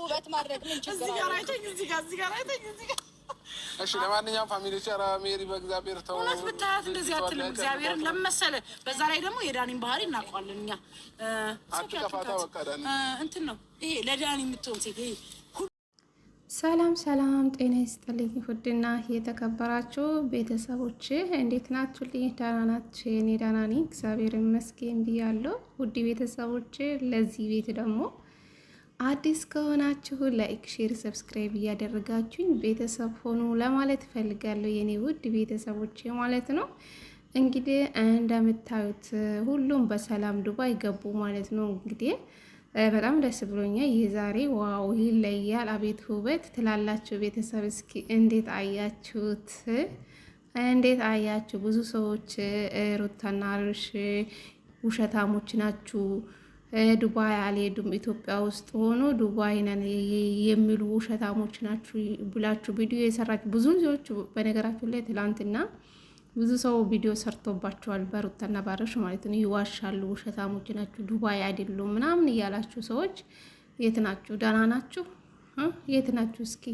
ውበት ማድረግ ምን ችግር አለ? እዚህ ጋር እዚህ ጋር አይተኝ እዚህ ጋር እሺ ለማንኛውም ኧረ ሜሪ በእግዚአብሔር ተው። እውነት ብታያት እንደዚህ አትልም። እግዚአብሔርን ለመሰለ በዛ ላይ ደግሞ የዳኒን ባህሪ እናውቀዋለን እኛ። እንትን ነው ይሄ ለዳኒ የምትሆን ሴት ይሄ ሰላም ሰላም፣ ጤና ይስጥልኝ ውድና የተከበራችሁ ቤተሰቦች እንዴት ናችሁ? ልኝ ደህና ናችሁ? እኔ ደህና ነኝ እግዚአብሔር ይመስገን ብያለሁ። ውድ ቤተሰቦች ለዚህ ቤት ደግሞ አዲስ ከሆናችሁ ላይክ፣ ሼር፣ ሰብስክራይብ እያደረጋችሁኝ ቤተሰብ ሆኑ ለማለት እፈልጋለሁ የኔ ውድ ቤተሰቦች ማለት ነው። እንግዲህ እንደምታዩት ሁሉም በሰላም ዱባይ ገቡ ማለት ነው። እንግዲህ በጣም ደስ ብሎኛል። ይህ ዛሬ ዋው ይለያል፣ አቤት ውበት ትላላችሁ ቤተሰብ። እስኪ እንዴት አያችሁት? እንዴት አያችሁ? ብዙ ሰዎች ሩታና አብርሽ ውሸታሞች ናችሁ ዱባይ አልሄዱም ኢትዮጵያ ውስጥ ሆኖ ዱባይ ነን የሚሉ ውሸታሞች ናችሁ ብላችሁ ቪዲዮ የሰራችሁ ብዙ ልጆች፣ በነገራችሁ ላይ ትላንትና ብዙ ሰው ቪዲዮ ሰርቶባቸዋል። በሩታና ባብርሽ ማለት ነው። ይዋሻሉ፣ ውሸታሞች ናችሁ፣ ዱባይ አይደሉም ምናምን እያላችሁ ሰዎች የት ናችሁ? ደህና ናችሁ? የት ናችሁ? እስኪ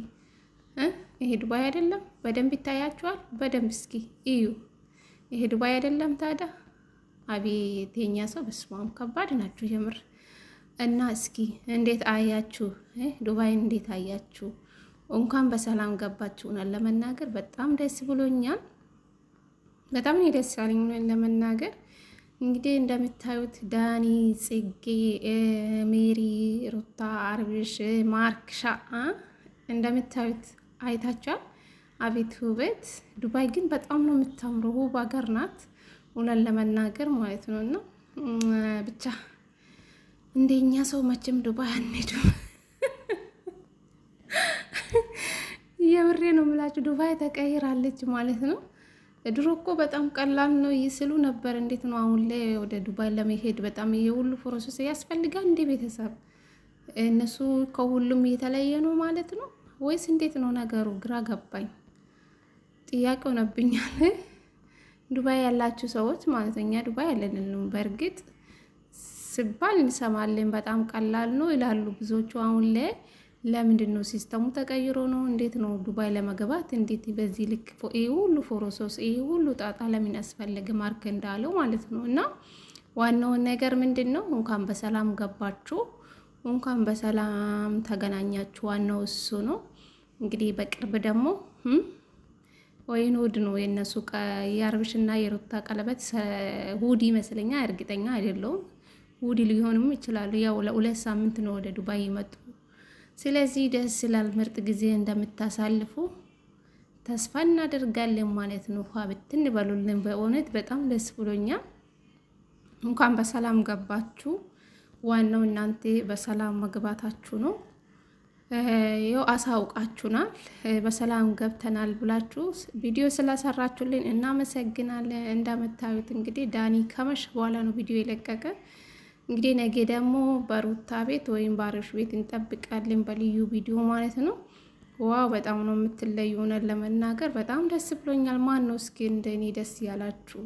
ይሄ ዱባይ አይደለም። በደንብ ይታያችኋል። በደንብ እስኪ እዩ። ይሄ ዱባይ አይደለም ታዲያ አቤት የኛ ሰው በስማም ከባድ ናችሁ የምር። እና እስኪ እንዴት አያችሁ ዱባይን እንዴት አያችሁ? እንኳን በሰላም ገባችሁ። ለመናገር በጣም ደስ ብሎኛል። በጣም ነው ደስ ያለኝ ለመናገር እንግዲህ እንደምታዩት ዳኒ፣ ጽጌ፣ ሜሪ፣ ሩታ፣ አርብሽ፣ ማርክ ሻአ እንደምታዩት አይታችኋል። አቤት ውበት! ዱባይ ግን በጣም ነው የምታምረው፣ ውብ ሀገር ናት። እውነት ለመናገር ማለት ነው። እና ብቻ እንደኛ ሰው መቼም ዱባይ አንሄድም። የብሬ ነው የምላችሁ፣ ዱባይ ተቀይራለች ማለት ነው። ድሮ እኮ በጣም ቀላል ነው ይስሉ ነበር። እንዴት ነው አሁን ላይ ወደ ዱባይ ለመሄድ በጣም የሁሉ ፕሮሰስ ያስፈልጋል? እንዴ? ቤተሰብ እነሱ ከሁሉም እየተለየ ነው ማለት ነው ወይስ እንዴት ነው ነገሩ? ግራ ገባኝ፣ ጥያቄ ሆነብኛል። ዱባይ ያላችሁ ሰዎች ማለት እኛ ዱባይ ያለንልም በእርግጥ ስባል እንሰማለን። በጣም ቀላል ነው ይላሉ ብዙዎቹ። አሁን ላይ ለምንድን ነው ሲስተሙ ተቀይሮ ነው? እንዴት ነው ዱባይ ለመግባት እንዴት በዚህ ልክ ይህ ሁሉ ፎሮሶስ ይህ ሁሉ ጣጣ ለምን ያስፈለገ? ማርክ እንዳለው ማለት ነው። እና ዋናውን ነገር ምንድን ነው? እንኳን በሰላም ገባችሁ፣ እንኳን በሰላም ተገናኛችሁ። ዋናው እሱ ነው። እንግዲህ በቅርብ ደግሞ ወይን ውድ ነው የእነሱ የአርብሽና የሩታ ቀለበት እሑድ ይመስለኛ፣ እርግጠኛ አይደለውም። ውድ ሊሆንም ይችላሉ። ያው ለሁለት ሳምንት ነው ወደ ዱባይ ይመጡ። ስለዚህ ደስ ይላል። ምርጥ ጊዜ እንደምታሳልፉ ተስፋ እናደርጋለን ማለት ነው። ውሃ ብትን በሉልን። በእውነት በጣም ደስ ብሎኛ እንኳን በሰላም ገባችሁ። ዋናው እናንተ በሰላም መግባታችሁ ነው። ይኸው አሳውቃችሁናል፣ በሰላም ገብተናል ብላችሁ ቪዲዮ ስላሰራችሁልን እናመሰግናለን። እንደምታዩት እንግዲህ ዳኒ ከመሸ በኋላ ነው ቪዲዮ የለቀቀ። እንግዲህ ነገ ደግሞ በሩታ ቤት ወይም ባሪዎች ቤት እንጠብቃለን፣ በልዩ ቪዲዮ ማለት ነው። ዋው በጣም ነው የምትለዩ። ሆነን ለመናገር በጣም ደስ ብሎኛል። ማን ነው እስኪ እንደኔ ደስ ያላችሁ?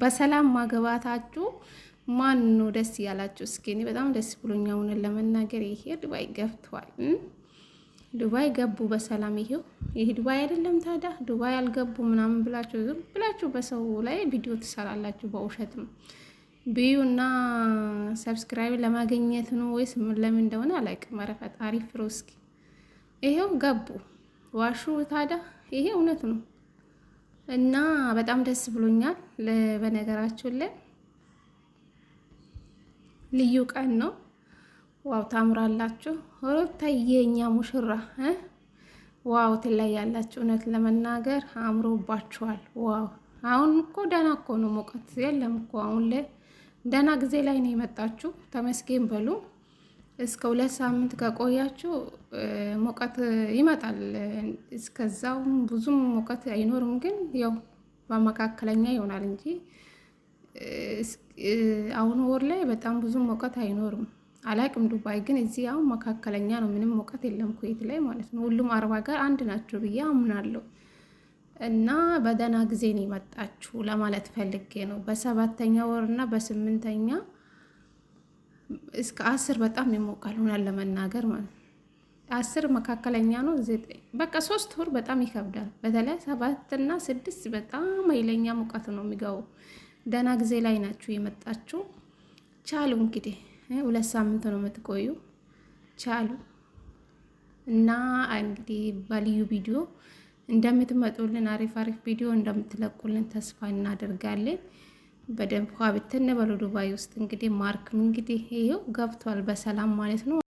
በሰላም ማግባታችሁ ማን ነው ደስ ያላችሁ? እስኪ እኔ በጣም ደስ ብሎኛ። ሆነ ለመናገር ይሄ ዱባይ ገብቷል። ዱባይ ገቡ በሰላም። ይሄው ይሄ ዱባይ አይደለም ታዲያ። ዱባይ አልገቡ ምናምን ብላችሁ ዝም ብላችሁ በሰው ላይ ቪዲዮ ትሰራላችሁ። በውሸትም ቢዩ እና ሰብስክራይብ ለማግኘት ነው ወይስ ለምን እንደሆነ አላውቅም። ኧረ ፈጣሪ ፍሩ። እስኪ ይሄው ገቡ። ዋሹ ታዲያ። ይሄ እውነት ነው እና በጣም ደስ ብሎኛል። በነገራችሁ ላይ ልዩ ቀን ነው። ዋው ታምራላችሁ። ሩታዬ ሙሽራ ዋው ትለያላችሁ። እውነት ለመናገር አምሮባችኋል። ዋው አሁን እኮ ደህና እኮ ነው፣ ሙቀት የለም እኮ አሁን ላይ ደህና ጊዜ ላይ ነው የመጣችሁ። ተመስገን በሉ። እስከ ሁለት ሳምንት ከቆያችሁ ሙቀት ይመጣል። እስከዛው ብዙም ሙቀት አይኖርም፣ ግን ያው በመካከለኛ ይሆናል እንጂ አሁን ወር ላይ በጣም ብዙ ሙቀት አይኖርም። አላቅም ዱባይ ግን እዚህ አሁን መካከለኛ ነው። ምንም ሙቀት የለም ኩዌት ላይ ማለት ነው። ሁሉም አርባ ጋር አንድ ናቸው ብዬ አምናለሁ። እና በደህና ጊዜ ነው የመጣችሁ ለማለት ፈልጌ ነው። በሰባተኛ ወር እና በስምንተኛ እስከ አስር በጣም ይሞቃል ሆናል ለመናገር ማለት አስር መካከለኛ ነው። ዘጠኝ በቃ ሶስት ወር በጣም ይከብዳል። በተለይ ሰባት እና ስድስት በጣም ኃይለኛ ሙቀት ነው የሚገቡ ደህና ጊዜ ላይ ናችሁ የመጣችሁ። ቻሉ እንግዲህ ሁለት ሳምንት ነው የምትቆዩ። ቻሉ እና እንግዲህ በልዩ ቪዲዮ እንደምትመጡልን አሪፍ አሪፍ ቪዲዮ እንደምትለቁልን ተስፋ እናደርጋለን። በደንብ ብትን በሉ ዱባይ ውስጥ እንግዲህ ማርክም እንግዲህ ይሄው ገብቷል በሰላም ማለት ነው።